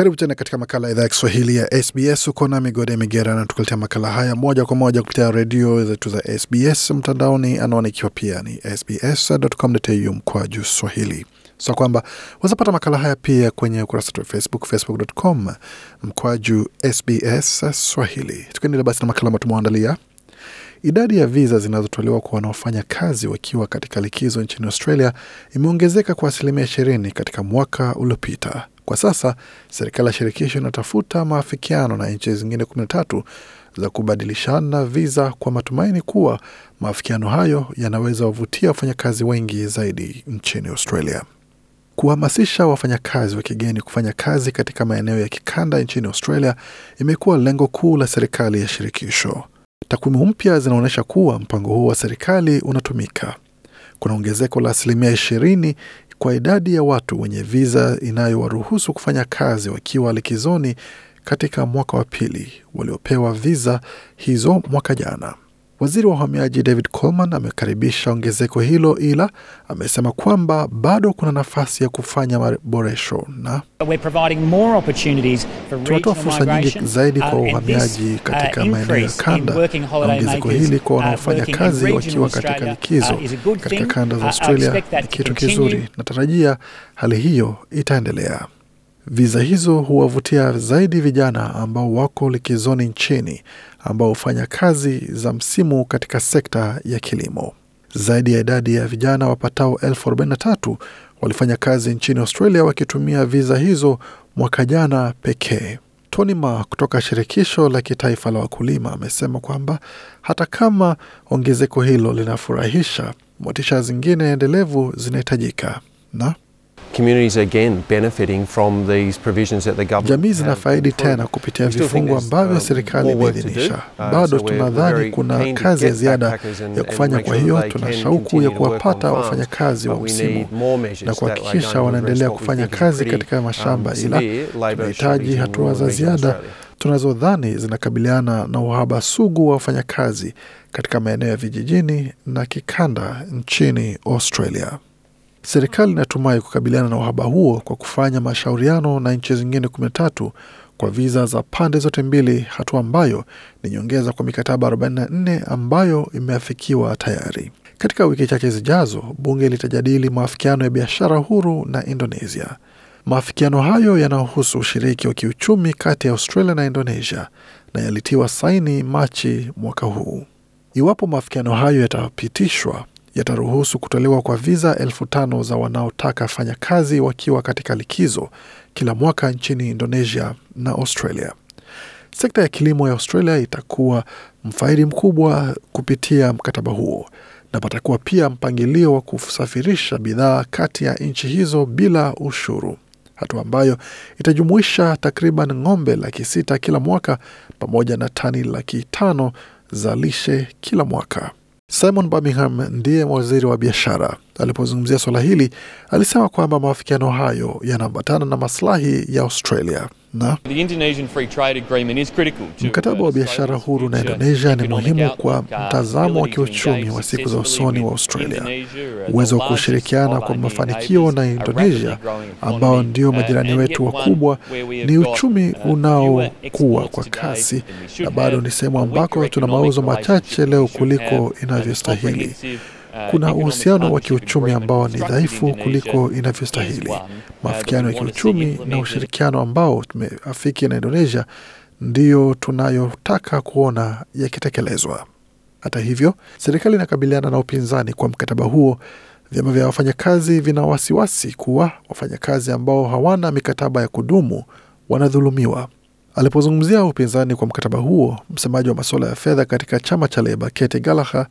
Karibu tena katika makala ya idhaa ya Kiswahili ya SBS. Uko na Migode Migera na tukuletea makala haya moja kwa moja kupitia redio zetu za SBS mtandaoni, anwani ikiwa pia ni sbs.com.au juu swahili sa so kwamba wazapata makala haya pia kwenye ukurasa wetu wa Facebook, facebook.com juu SBS Swahili. Tukiendelea basi na makala ambayo tumewaandalia, idadi ya viza zinazotolewa kwa wanaofanya kazi wakiwa katika likizo nchini Australia imeongezeka kwa asilimia ishirini katika mwaka uliopita. Kwa sasa serikali ya shirikisho inatafuta maafikiano na nchi zingine 13 za kubadilishana viza kwa matumaini kuwa maafikiano hayo yanaweza wavutia wafanyakazi wengi zaidi nchini Australia. Kuhamasisha wafanyakazi wa kigeni kufanya kazi katika maeneo ya kikanda nchini Australia imekuwa lengo kuu la serikali ya shirikisho. Takwimu mpya zinaonyesha kuwa mpango huo wa serikali unatumika. Kuna ongezeko la asilimia ishirini kwa idadi ya watu wenye viza inayowaruhusu kufanya kazi wakiwa likizoni katika mwaka wa pili waliopewa viza hizo mwaka jana. Waziri wa uhamiaji David Coleman amekaribisha ongezeko hilo, ila amesema kwamba bado kuna nafasi ya kufanya maboresho na tunatoa fursa nyingi zaidi kwa uh, uhamiaji uh, katika maeneo ya kanda, na ongezeko hili uh, kwa wanaofanya kazi wakiwa katika likizo katika kanda za Australia ni kitu kizuri. Natarajia hali hiyo itaendelea. Viza hizo huwavutia zaidi vijana ambao wako likizoni nchini ambao hufanya kazi za msimu katika sekta ya kilimo. Zaidi ya idadi ya vijana wapatao elfu arobaini na tatu walifanya kazi nchini Australia wakitumia viza hizo mwaka jana pekee. Tony Ma kutoka shirikisho la kitaifa la wakulima amesema kwamba hata kama ongezeko hilo linafurahisha, motisha zingine endelevu zinahitajika na Jamii zinafaidi tena kupitia vifungu ambavyo uh, serikali imeidhinisha. Uh, Bado tunadhani kuna kazi ya ziada ya kufanya, kwa hiyo tuna shauku ya kuwapata wafanyakazi wa msimu na kuhakikisha wanaendelea kufanya kazi katika um, mashamba, ila tunahitaji hatua za ziada tunazodhani zinakabiliana na uhaba sugu wa wafanyakazi katika maeneo ya vijijini na kikanda nchini Australia. Serikali inatumai kukabiliana na uhaba huo kwa kufanya mashauriano na nchi zingine tatu kwa viza za pande zote mbili, hatua ambayo ni nyongeza kwa mikataba 44 ambayo imeafikiwa tayari. Katika wiki chache zijazo, bunge litajadili maafikiano ya biashara huru na Indonesia. Maafikiano hayo yanahusu ushiriki wa kiuchumi kati ya Australia na Indonesia na yalitiwa saini Machi mwaka huu. Iwapo maafikiano hayo yatapitishwa, yataruhusu kutolewa kwa viza elfu tano za wanaotaka fanya kazi wakiwa katika likizo kila mwaka nchini Indonesia na Australia. Sekta ya kilimo ya Australia itakuwa mfaidi mkubwa kupitia mkataba huo na patakuwa pia mpangilio wa kusafirisha bidhaa kati ya nchi hizo bila ushuru, hatua ambayo itajumuisha takriban ng'ombe laki sita kila mwaka pamoja na tani laki tano za lishe kila mwaka. Simon Birmingham ndiye waziri wa biashara. Alipozungumzia suala hili, alisema kwamba maafikiano hayo yanaambatana na maslahi ya Australia na mkataba wa biashara huru na Indonesia ni muhimu kwa mtazamo wa kiuchumi wa siku za usoni wa Australia. Uwezo wa kushirikiana kwa mafanikio na Indonesia, ambao ndio uh, majirani wetu wakubwa, ni uchumi uh, unaokuwa kwa kasi, na bado ni sehemu ambako tuna mauzo machache leo kuliko uh, inavyostahili. Kuna uhusiano wa kiuchumi ambao ni dhaifu kuliko inavyostahili. Maafikiano ya kiuchumi na ushirikiano ambao tumeafiki na Indonesia ndiyo tunayotaka kuona yakitekelezwa. Hata hivyo, serikali inakabiliana na upinzani kwa mkataba huo. Vyama vya wafanyakazi vina wasiwasi kuwa wafanyakazi ambao hawana mikataba ya kudumu wanadhulumiwa. Alipozungumzia upinzani kwa mkataba huo, msemaji wa masuala ya fedha katika chama cha Leba Kete galaha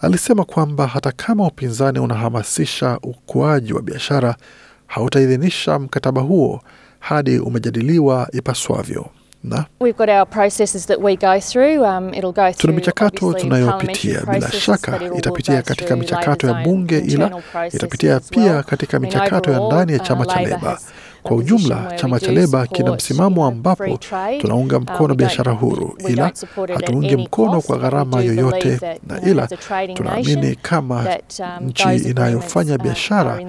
alisema kwamba hata kama upinzani unahamasisha ukuaji wa biashara, hautaidhinisha mkataba huo hadi umejadiliwa ipaswavyo. Na um, tuna michakato tunayopitia, bila shaka itapitia katika michakato ya bunge, ila itapitia pia katika michakato ya ndani ya uh, chama cha Leba kwa ujumla, chama cha Leba kina msimamo ambapo tunaunga um, mkono biashara huru, ila hatuungi mkono kwa gharama yoyote, na uh, ila tunaamini kama um, nchi inayofanya um, biashara,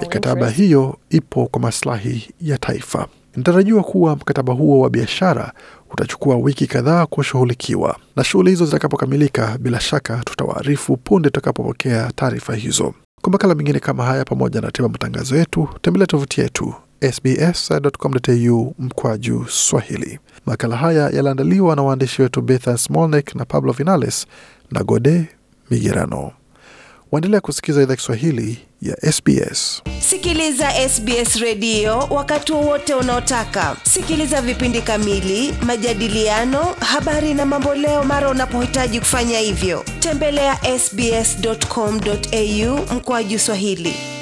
mikataba hiyo ipo kwa masilahi ya taifa. Inatarajiwa kuwa mkataba huo wa biashara utachukua wiki kadhaa kushughulikiwa, na shughuli hizo zitakapokamilika, bila shaka tutawaarifu punde tutakapopokea taarifa hizo. Kwa makala mengine kama haya, pamoja na tiba matangazo yetu, tembelea tovuti yetu sbs.com.au juu Swahili. Makala haya yaliandaliwa na waandishi wetu Betha Smolnik na Pablo Vinales na Gode Migerano. Waendelea kusikiliza idhaa Kiswahili ya SBS. Sikiliza SBS redio wakati wowote unaotaka. Sikiliza vipindi kamili, majadiliano, habari na mamboleo mara unapohitaji kufanya hivyo. Tembelea ya sbs.com.au mkoaji Swahili.